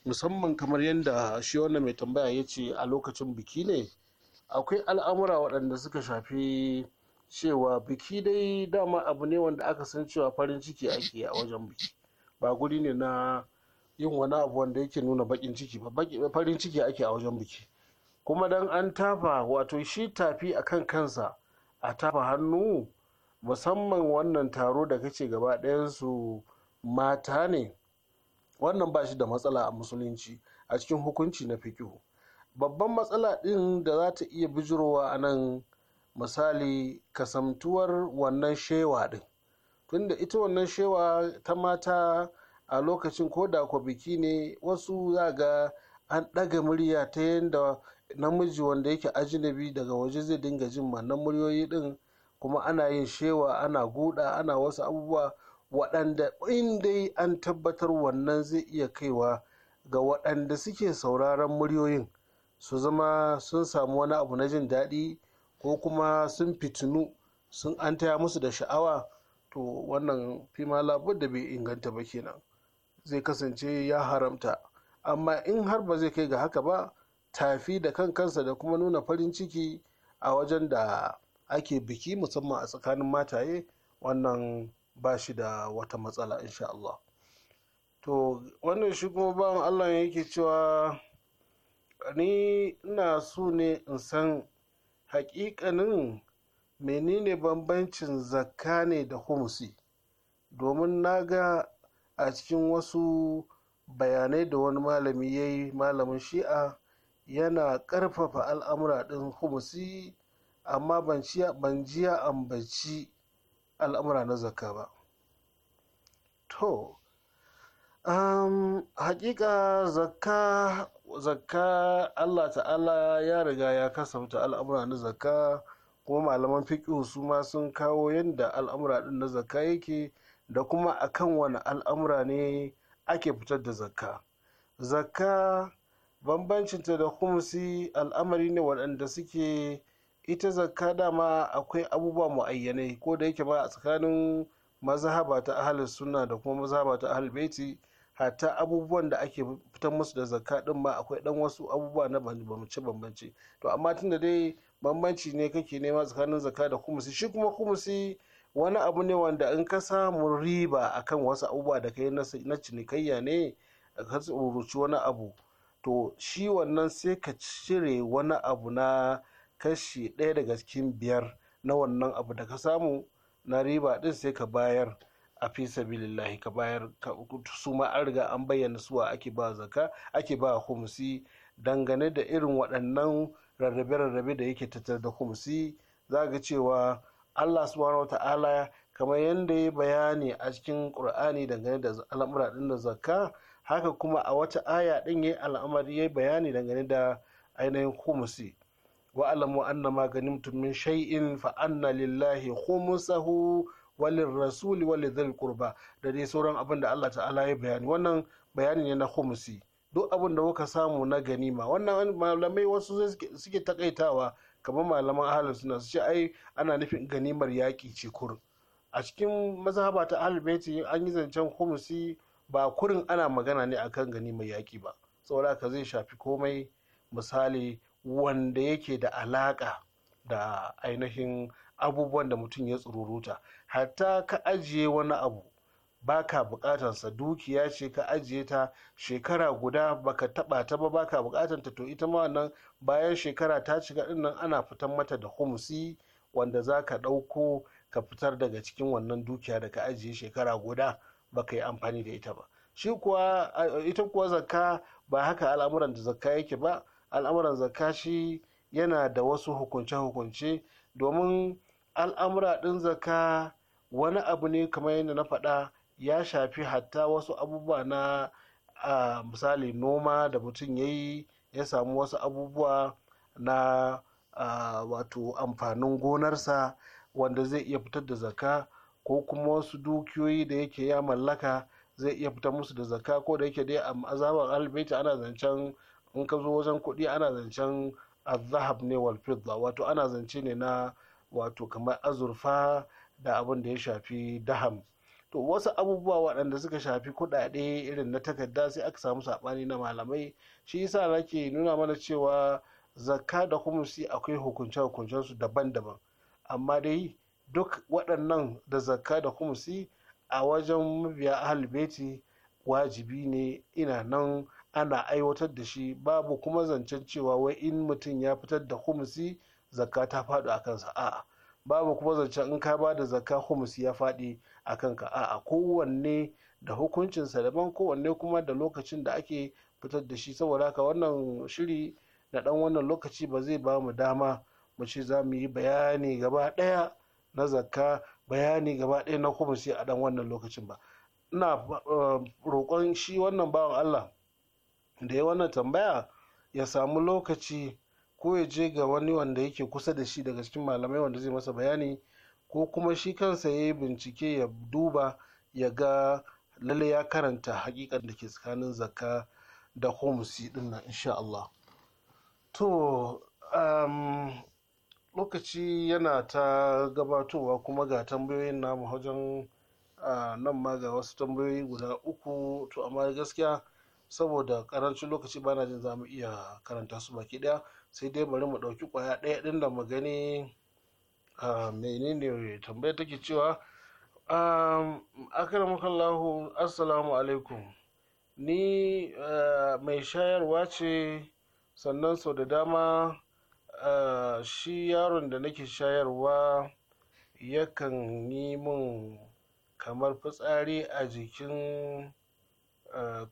musamman kamar yadda shi wannan mai tambaya ya ce a lokacin biki ne akwai al'amura waɗanda suka shafi cewa biki dai dama abu ne wanda aka san cewa farin ciki ake a wajen biki ba guri ne na yin wani abu wanda yake nuna bakin ciki ba farin ciki ake a wajen biki kuma dan an tafa wato shi tafi a kan kansa a tafa hannu musamman wannan taro da kace gaba ɗayansu mata ne wannan ba shi da matsala a musulunci a cikin hukunci na fikihu babban matsala ɗin da za ta iya bijirowa a nan misali kasamtuwar wannan shewa ɗin tunda ita wannan shewa ta mata a lokacin ko da ko biki ne wasu za ga an ɗaga murya ta yadda namiji wanda yake ajinabi daga waje zai dinga jin wannan muryoyi din kuma ana yin shewa ana guda ana wasu abubuwa waɗanda in dai an tabbatar wannan zai iya kaiwa ga waɗanda suke sauraron muryoyin su zama sun samu wani abu na jin daɗi ko kuma sun fitinu sun an taya musu da sha'awa to wannan fima labar da bai inganta ba kenan zai kasance ya haramta amma in har ba zai kai ga haka ba tafi da kan kansa da kuma nuna farin ciki a wajen da ake biki musamman a tsakanin mataye wannan ba shi da wata matsala insha Allah to wannan shi kuma Allah yake cewa ni ina so ne in san hakikanin menene bambancin zakka ne da humusi domin na ga a cikin wasu bayanai da wani malami ya yi malamin shi'a yana ƙarfafa al'amura ɗin humusi amma ban jiya ambaci al'amura na zakka ba to um, zakka zakka Allah ta'ala ya riga ya kasafta al'amura na zakka kuma malaman fiƙihu su ma sun kawo yadda al'amura ɗin na zakka yake da kuma akan wani al'amura ne ake fitar da zakka zakka bambancinta da humusi al'amari ne waɗanda suke ita zakka dama akwai abubuwa mu'ayyanai ko da yake ba a tsakanin mazhaba ta ahalin sunna da kuma mazhaba ta ahalin baiti hata abubuwan da ake fitar musu da zakka din ma akwai dan wasu abubuwa na bambance bambance to amma da dai bambanci ne kake nema tsakanin zakka da kumusi shi kuma kumusi wani abu ne wanda in ka samu riba akan wasu abubuwa da kai na cinikayya ne ka tsoroci wani abu to shi wannan sai ka cire wani abu na kashi ɗaya daga cikin biyar na wannan abu da ka samu na riba din sai ka bayar a fi sabilillahi ka bayar su ma an riga an bayyana suwa ake ba zaka ake ba kumsi dangane da irin waɗannan rarrabe-rarrabe da yake tattar da kumsi za ga cewa allah subhanahu ta'ala kamar yadda ya bayani a cikin ƙur'ani dangane da al'amura ɗin da zakka haka kuma a wata aya ɗin ya al'amari ya bayani dangane da ainihin kumsi wa'alamu annama ma ganimtum min shay'in fa anna lillahi khumsahu walin rasuli walin zil kurba da dai sauran abin da Allah ta'ala ya bayani wannan bayani ne na khumsi duk abin da muka samu na ganima wannan malamai wasu suke takaitawa kamar malaman ahalin suna su ce ai ana nufin ganimar yaƙi ce kur a cikin mazhaba ta ahlul an yi zancen khumsi ba kurin ana magana ne akan ganimar yaƙi ba saboda ka zai shafi komai misali wanda yake da alaƙa da ainihin abubuwan da mutum ya tsururuta hatta ka ajiye wani abu baka bukatansa dukiya ce ka ajiye ta shekara guda baka taba ta ba baka bukatanta to ita ma wannan bayan shekara ta shiga din ana fitan mata da humsi wanda za ka ɗauko ka fitar daga cikin wannan dukiya da ka ajiye shekara guda baka yi amfani da ita ba shi kuwa ita kuwa zakka ba haka al'amuran da zakka yake ba al'amuran zakka shi yana da wasu hukunce-hukunce domin al'amura ɗin zaka wani abu ne kamar yadda na faɗa ya shafi hatta wasu abubuwa na a misali noma da mutum ya yi ya samu wasu abubuwa na wato amfanin gonarsa wanda zai iya fitar da zaka ko kuma wasu dukiyoyi da yake ya mallaka zai iya fitar musu da zaka ko da yake dai a azabar albaita ana zancen in ka zo wajen kuɗi ana zancen azahab ne wal fidda wato ana zance ne na wato kamar azurfa da abin da ya shafi daham to wasu abubuwa waɗanda suka shafi kuɗaɗe irin na takarda sai aka samu saɓani na malamai shi yasa nake nuna mana cewa zakka da humusi akwai hukunce hukuncen su daban-daban amma dai duk waɗannan da zakka da humusi a wajen mabiya ahalbeti wajibi ne ina nan ana aiwatar da shi babu kuma zancen cewa wai in mutum ya fitar da kumusi. zakka ta faɗo a kansa a'a babu kuma zancen in ka ba da zakka humus ya faɗi a kanka a'a kowanne da hukuncinsa daban kowanne kuma da lokacin da ake fitar da shi saboda haka wannan shiri na dan wannan lokaci ba zai ba mu dama mu ce za mu yi bayani gaba ɗaya na zakka bayani gaba ɗaya na humusi a dan wannan lokacin ba ina eh, roƙon shi wannan bawan allah da ya wannan tambaya ya samu lokaci ko ya je ga wani wanda yake kusa da shi daga cikin malamai wanda zai masa bayani ko kuma shi kansa ya yi bincike ya duba ya ga lalle ya karanta hakikan da ke tsakanin zakka da homsi din nan insha Allah to um, lokaci yana ta gabatowa kuma ga tambayoyin namu wajen uh, nan ma ga wasu tambayoyi guda uku to amma gaskiya saboda karancin lokaci bana jin za mu iya karanta su baki daya sai dai bari mu ɗauki ƙwaya ɗaya ɗin da mu gani menene tambaya take cewa akramakallahu assalamu alaikum ni mai shayarwa ce sannan sau da dama shi yaron da nake shayarwa yakan yi min kamar fitsari a jikin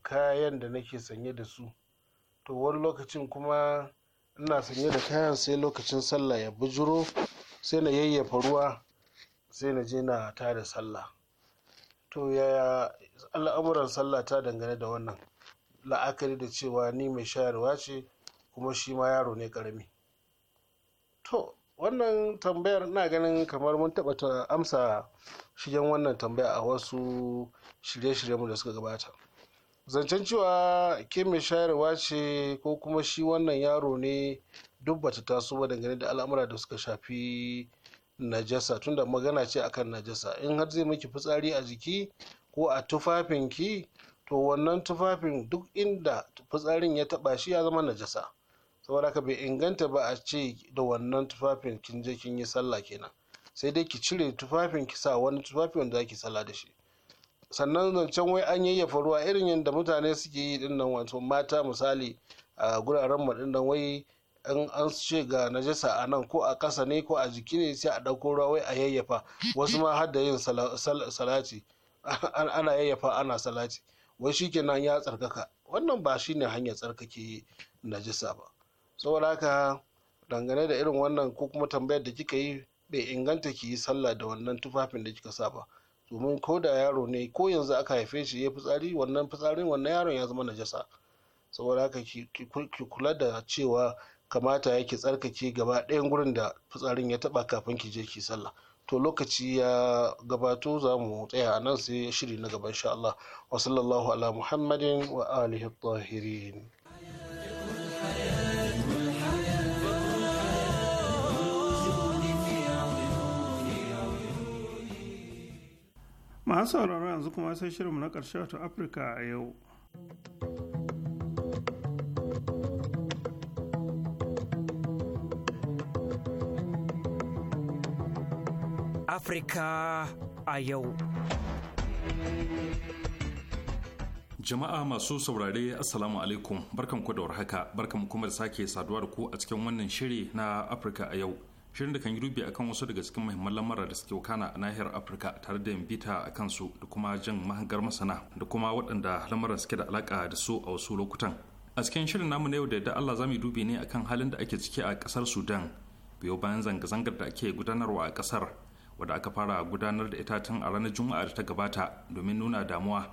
kayan da nake sanye da su to wani lokacin kuma ina sanye da kayan sai lokacin sallah ya bujuro sai na yayyafa ruwa sai na je na tada sallah to yaya al'amuran sallah ta dangane da wannan la'akari da cewa ni mai shayarwa ce kuma shi ma yaro ne karami to wannan tambayar ina ganin kamar mun taɓa ta amsa shigen wannan tambaya a wasu shirye-shiryenmu da suka gabata zancen cewa ke mai shayarwa ce ko kuma shi wannan yaro ne duk bata taso ba dangane da al'amura da suka shafi najasa tunda magana ce akan najasa in har zai miki fitsari a jiki ko a tufafinki to wannan tufafin duk inda fitsarin ya taba shi ya zama najasa saboda haka bai inganta ba a ce da wannan tufafin kin je kin yi sallah kenan sai dai ki cire tufafin ki sa wani tufafi wanda zaki sallah da shi sannan zancen wai an yayyafa ruwa irin yadda mutane suke yi din nan wato mata misali a guraren mu din wai in an ce ga najasa a nan ko a ƙasa ne ko a jiki ne sai a ɗauko ruwa wai a yayyafa wasu ma har da yin salati ana yayyafa ana salati wai shikenan ya tsarkaka wannan ba shine hanyar tsarkake najasa ba saboda haka dangane da irin wannan ko kuma tambayar da kika yi bai inganta ki yi sallah da wannan tufafin da kika sa ba domin ko da yaro ne ko yanzu aka haife shi ya fitsari wannan fitsarin wannan yaron ya zama najasa saboda haka ki kula da cewa kamata ya yake tsarkake gaba ɗayan gurin da fitsarin ya taba kafin ki je ki sallah to lokaci ya gabato za mu tsaya a nan sai shiri na gaba insha Allah wa sallallahu ala muhammadin wa alihi tahirin masu sauraro yanzu kuma sai shirinmu na ƙarshe wato afirka a yau afirka a yau Jama'a masu saurare Assalamu alaikum barkan ku da warhaka barkan kuma da sake saduwa da ku a cikin wannan shiri na Afirka a yau. shirin da kan yi dubi akan wasu daga cikin muhimman lamura da suke wakana a nahiyar afirka tare da yin bita a kansu da kuma jin mahangar masana da kuma waɗanda lamuran suke da alaka da su a wasu lokutan a cikin shirin namu na yau da allah za mu dubi ne akan halin da ake ciki a ƙasar sudan biyo bayan zanga-zangar da ake gudanarwa a ƙasar wadda aka fara gudanar da ita tun a ranar juma'a da ta gabata domin nuna damuwa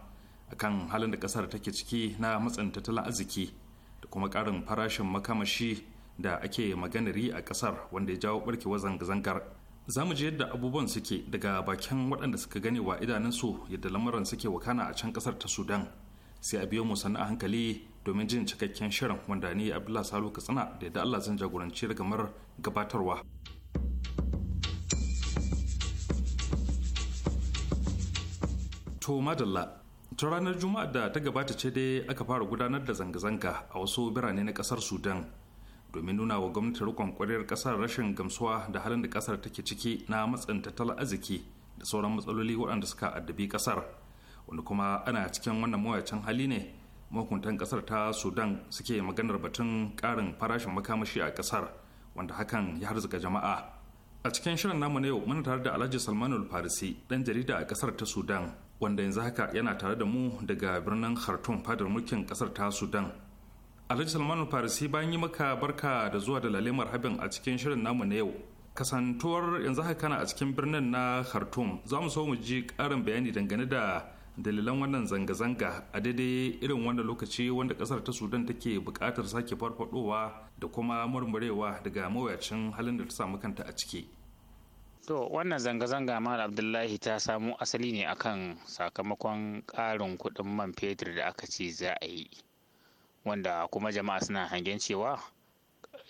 akan halin da ƙasar take ciki na matsin tattalin arziki da kuma ƙarin farashin makamashi da ake maganari a kasar wanda ya jawo barkewar zanga-zangar za mu ji yadda abubuwan suke daga bakin waɗanda suka gani wa idanunsu yadda lamuran suke wakana a can kasar ta sudan sai a biyo mu sannu a hankali domin jin cikakken shirin wanda ni abdullahi salu katsina da yadda allah zan jagoranci rigamar gabatarwa to madalla ta ranar juma'a da ta gabata ce dai aka fara gudanar da zanga-zanga a wasu birane na kasar sudan domin nuna wa gwamnatin rikon kwarar kasar rashin gamsuwa da halin da kasar take ciki na matsin tattalin arziki da sauran matsaloli waɗanda suka addabi kasar wanda kuma ana cikin wannan mawuyacin hali ne mahukuntan kasar ta sudan suke maganar batun ƙarin farashin makamashi a kasar wanda hakan ya harzuka jama'a a cikin shirin namu na yau muna tare da alhaji salmanul farisi dan jarida a kasar ta sudan wanda yanzu haka yana tare da mu daga birnin khartoum fadar mulkin kasar ta sudan alhaji salmanu farisi bayan yi maka barka da zuwa da lalemar habin a cikin shirin namu na yau kasantuwar yanzu haka kana a cikin birnin na khartoum za mu so mu ji ƙarin bayani dangane da dalilan wannan zanga-zanga a daidai irin wanda lokaci wanda kasar ta sudan take buƙatar sake farfadowa da kuma murmurewa daga mawuyacin halin da ta samu kanta a ciki To wannan zanga-zanga Mal Abdullahi ta samu asali ne akan sakamakon ƙarin kuɗin man fetur da aka ce za a yi. wanda kuma jama'a suna hangen cewa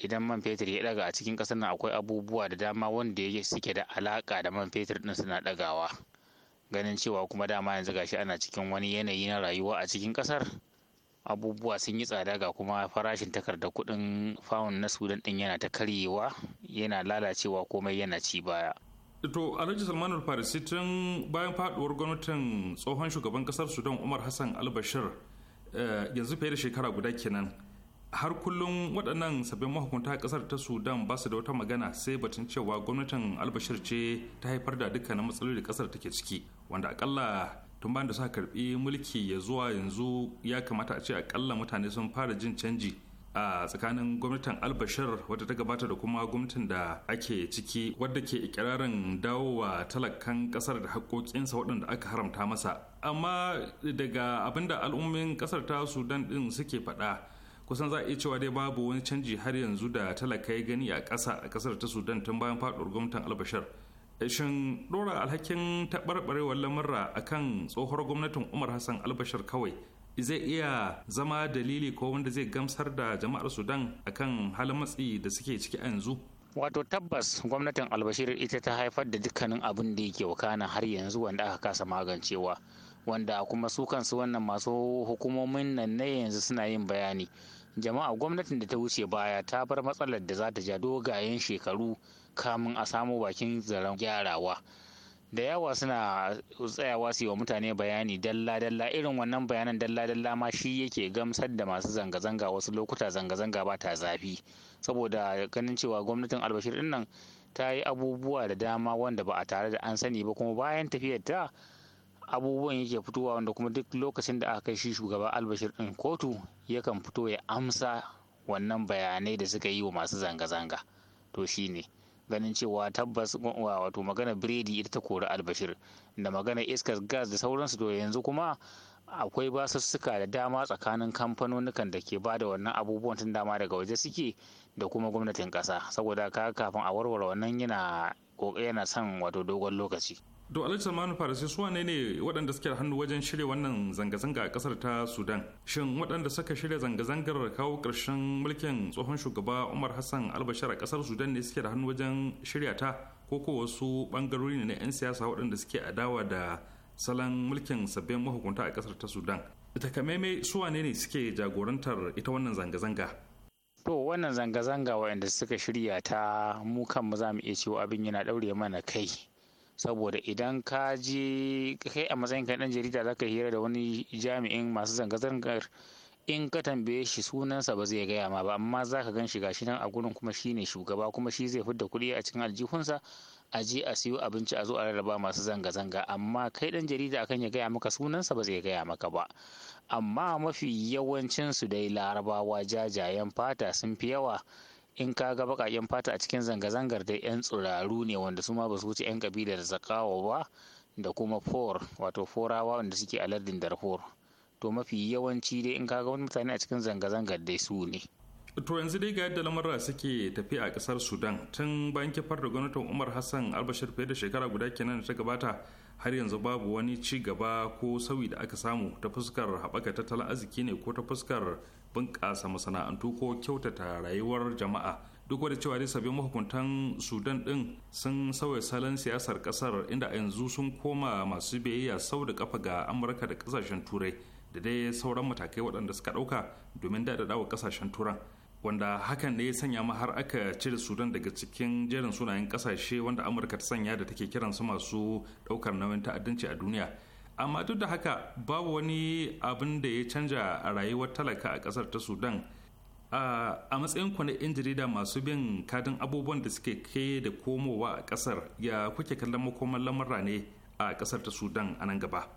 idan man fetur ya daga a cikin ƙasar nan akwai abubuwa da dama wanda yake suke da alaƙa da man fetur ɗin suna dagawa ganin cewa kuma dama yanzu gashi ana cikin wani yanayi na rayuwa a cikin kasar abubuwa sun yi tsada ga kuma farashin takardar kuɗin faun na sudan ɗin yana ta karyewa yana lalacewa komai yana ci baya to alhaji salman farisi tun bayan faduwar gwamnatin tsohon shugaban kasar sudan umar hassan albashir Eh, yanzu fiye da shekara guda kenan har kullum waɗannan sabbin mahukunta ƙasar ta sudan ba su da wata magana sai batun cewa gwamnatin albashir ce ta haifar da dukkanin matsaloli da ƙasar take ciki wanda akalla tun bayan da suka karbi mulki ya zuwa yanzu ya kamata a ce akalla mutane sun fara jin canji a tsakanin gwamnatin albashir wadda ta gabata da kuma gwamnatin da ake ciki wadda ke ikirarin dawowa talakan ƙasar da haƙoƙinsa waɗanda aka haramta masa amma daga abinda al'ummin kasar ta sudan din suke faɗa kusan za a iya cewa dai babu wani canji har yanzu da talakai gani a ƙasa a kasar ta sudan tun bayan faɗuwar gwamnatin albashar eh, shin ɗora alhakin taɓarɓarewar lamarra akan tsohuwar gwamnatin umar hassan albashar kawai zai iya zama dalili ko wanda zai gamsar da jama'ar sudan akan halin matsi da suke ciki a yanzu wato tabbas gwamnatin albashir ita ta haifar da dukkanin abin da yake wakana har yanzu wanda aka kasa magancewa wanda kuma su kansu wannan masu hukumomin nan ne yanzu suna yin bayani jama'a gwamnatin da ta wuce baya ta bar matsalar da za ta ja dogayen shekaru kamun a samo bakin zaren gyarawa da yawa suna tsayawa su yi wa mutane bayani dalla-dalla irin wannan bayanan dalla-dalla ma shi yake gamsar da masu zanga-zanga wasu lokuta zanga-zanga ba ta zafi saboda ganin cewa gwamnatin albashir ɗin nan ta yi abubuwa da dama wanda ba a tare da an sani ba kuma bayan tafiyar ta abubuwan yake fitowa wanda kuma duk lokacin da aka kai shi shugaba albashir ɗin kotu yakan fito ya amsa wannan bayanai da suka yi wa masu zanga-zanga to shine ganin cewa tabbas wato magana biredi ita ta kori albashir da magana iskar gas da sauransu to yanzu kuma akwai basussuka da dama tsakanin kamfanonukan da ke ba da wannan abubuwan tun dama daga waje suke da kuma gwamnatin kasa saboda ka kafin a warware wannan yana yana son wato dogon lokaci to alhaji salmanu farisi su wane ne waɗanda suke da hannu wajen shirya wannan zanga-zanga a ƙasar ta sudan shin waɗanda suka shirya zanga-zangar kawo ƙarshen mulkin tsohon shugaba umar hassan albashir a ƙasar sudan ne suke da hannu wajen shirya ta ko ko wasu ɓangarori ne na 'yan siyasa waɗanda suke adawa da salon mulkin sabbin mahukunta a ƙasar ta sudan takamaimai su wane ne suke jagorantar ita wannan zanga-zanga To wannan zanga-zanga waɗanda suka shirya ta mu kanmu za mu iya cewa abin yana daure mana kai saboda idan ka je kai a matsayin ka dan jarida zaka hira da wani jami'in masu zanga-zangar in ka tambaye shi sunansa ba zai gaya ma ba amma za ka gan shi gashi nan a gurin kuma shi ne shugaba kuma shi zai fidda kuɗi a cikin aljihunsa a je a siyo abinci a zo a rarraba masu zanga-zanga amma kai dan jarida akan ya gaya maka sunansa ba zai gaya maka ba amma mafi yawancin su dai larabawa jajayen fata sun fi yawa in ka ga baƙaƙen fata a cikin zanga-zangar dai 'yan tsiraru ne wanda su ma ba su wuce 'yan kabilar zakawa ba da kuma for wato forawa wanda suke a lardin darfur to mafi yawanci dai in ka ga wani mutane a cikin zanga-zangar dai su ne to yanzu dai ga yadda lamarra suke tafi a kasar sudan tun bayan kifar da gwamnatin umar hassan albashir fiye da shekara guda kenan da ta gabata har yanzu babu wani ci gaba ko sauyi da aka samu ta fuskar haɓaka tattalin arziki ne ko ta fuskar bunƙasa masana'antu ko kyautata rayuwar jama'a duk da cewa dai sabbin mahukuntan sudan din sun sauya salon siyasar kasar inda a yanzu sun koma masu biyayya sau da kafa ga amurka da kasashen turai da dai sauran matakai waɗanda suka ɗauka domin daɗaɗa wa kasashen turan wanda hakan ne ya sanya ma har aka cire sudan daga cikin jerin sunayen kasashe wanda amurka ta sanya da take kiransu masu ɗaukar nauyin ta'addanci a duniya amma duk da haka babu wani abin da ya canja a rayuwar talaka a kasar ta sudan a matsayin ku na 'yan jarida masu bin kadin abubuwan da suke kai da komowa a kasar ya kuke kallon makoman lamurra ne a kasar ta sudan a nan gaba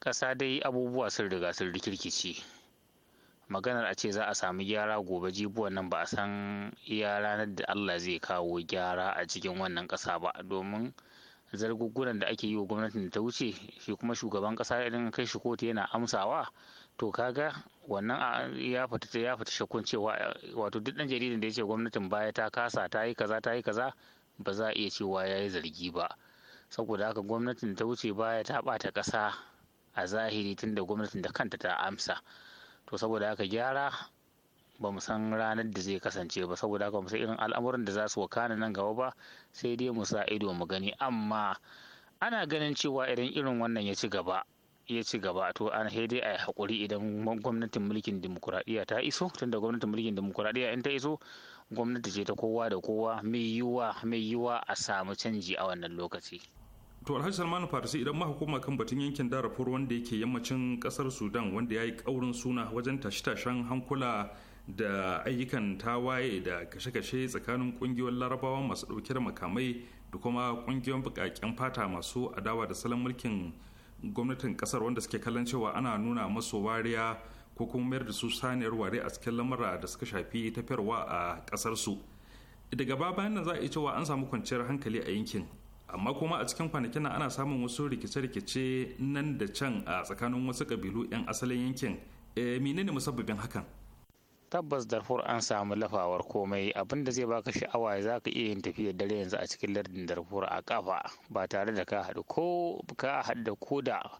ƙasa dai abubuwa sun riga sun rikirkici maganar a ce za a samu gyara gobe jibuwan nan ba a san iya ranar da allah zai kawo gyara a cikin wannan ƙasa ba domin zargugunan da ake yi wa gwamnatin da ta wuce shi kuma shugaban kasa idan kai shi kotu yana amsawa to kaga wannan ya fita ya fita shakkun cewa wato duk dan jaridan da ya ce gwamnatin baya ta kasa ta yi kaza ta yi kaza ba za a iya cewa ya yi zargi ba saboda haka gwamnatin da ta wuce baya ta bata kasa a zahiri tunda gwamnatin da kanta ta amsa to saboda haka gyara ba mu san ranar da zai kasance ba saboda haka mu san irin al'amuran da za su wakana nan gaba ba sai dai mu sa ido mu gani amma ana ganin cewa idan irin wannan ya ci gaba ya ci gaba to an sai dai a hakuri idan gwamnatin mulkin dimokuraɗiyya ta iso tunda gwamnatin mulkin dimokuraɗiyya in ta iso gwamnati ce ta kowa da kowa mai yiwuwa mai yiwuwa a samu canji a wannan lokaci. to alhaji salman farisi idan mahukuma kan batun yankin darafur wanda yake yammacin kasar sudan wanda ya yi kaurin suna wajen tashi tashen hankula da ayyukan ta waye da kashe-kashe tsakanin kungiyoyin larabawa masu ɗauke da makamai da kuma kungiyoyin bukaken fata masu adawa da salon mulkin gwamnatin kasar wanda suke kallon cewa ana nuna masu wariya ko kuma mayar da su saniyar ware a cikin lamura da suka shafi tafiyarwa a kasar su daga baya bayan nan za a yi cewa an samu kwanciyar hankali a yankin amma kuma a cikin kwanakin nan ana samun wasu rikice-rikice nan da can a tsakanin wasu kabilu 'yan asalin yankin eh, menene musabbabin hakan tabbas darfur an samu lafawar komai abinda zai baka sha'awa za ka iya yin tafiyar dare yanzu a cikin lardin darfur a kafa ba tare da ka haɗu ko ka haɗu ko da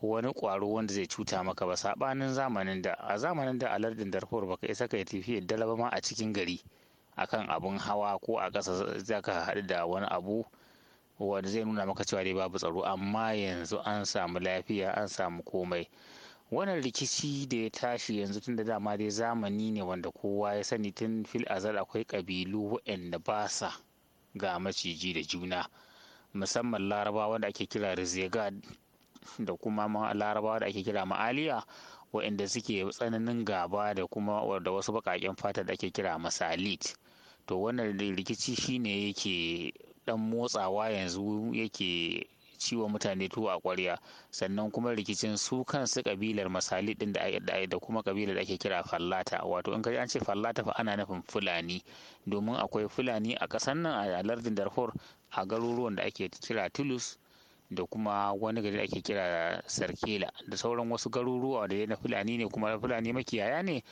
wani ƙwaro wanda zai cuta maka ba saɓanin zamanin da a zamanin da a lardin darfur baka isa ka yi tafiyar dare ba ma a cikin gari akan abin hawa ko a ƙasa za ka haɗu da wani abu wanda zai nuna maka cewa dai babu tsaro amma yanzu an samu lafiya an samu komai wannan rikici da ya tashi yanzu tun da dama dai zamani ne wanda kowa ya sani tun fil azal akwai ƙabilu waɗanda ba sa ga maciji da juna musamman larabawa da ake kira rizega da kuma larabawa da ake kira ma'aliya waɗanda suke tsananin gaba da kuma da wasu baƙaƙen fata da ake kira masalit to wannan rikici shine yake ɗan motsawa yanzu yake Ciwon mutane tuwo a ƙwarya sannan kuma rikicin su kansu kabilar misali ɗin da da kuma kabilar da ake kira fallata wato in kaji an ce fallata fa ana nufin fulani domin akwai fulani a ƙasar nan a lardin darfur a garuruwan da ake kira tulus da kuma wani gari ake kira sarkela da sauran wasu garuruwa da na fulani ne kuma fulani makiyaya ne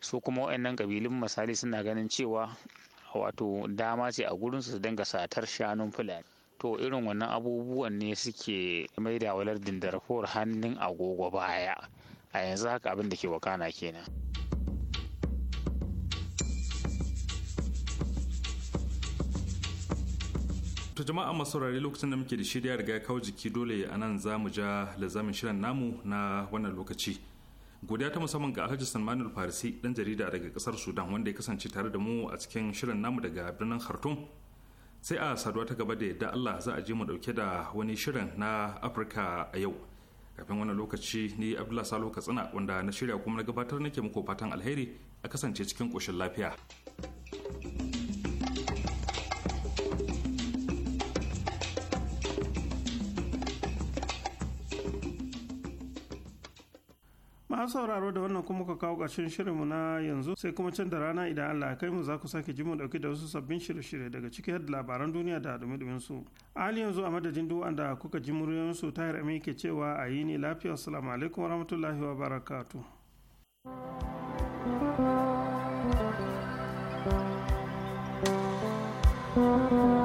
su kuma waɗannan kabilun misali suna ganin cewa wato dama ce a gurinsu su dinga satar shanun fulani to irin wannan abubuwan ne suke mai da walar dindarfuwar hannun agogo baya a yanzu haka abin da ke wakana kenan to jama'a masu saurari lokacin da muke da shirya riga kawo jiki dole a nan za mu ja lazamin shirin namu na wannan lokaci godiya ta musamman ga alhaji salmanul farisi dan jarida daga kasar sudan wanda ya kasance tare da mu a cikin shirin namu daga birnin khartoum sai a saduwa ta gaba da yadda Allah za a je mu dauke da wani shirin na Afirka a yau kafin wani lokaci ni Abdullah Salo Katsina wanda na shirya kuma na gabatar nake muku fatan alheri a kasance cikin koshin lafiya. sauraro da wannan kuma ka kawo ƙarshen shirinmu na yanzu sai kuma can da rana idan Allah ya kai mu za ku sake ji mu dauki da wasu sabbin shirye-shirye daga ciki har labaran duniya da dumi-dumin su. Ali yanzu a madadin duk wanda kuka ji muryoyin su tayar amin ke cewa a yi ne lafiya assalamu alaikum warahmatullahi wabarakatuh. thank you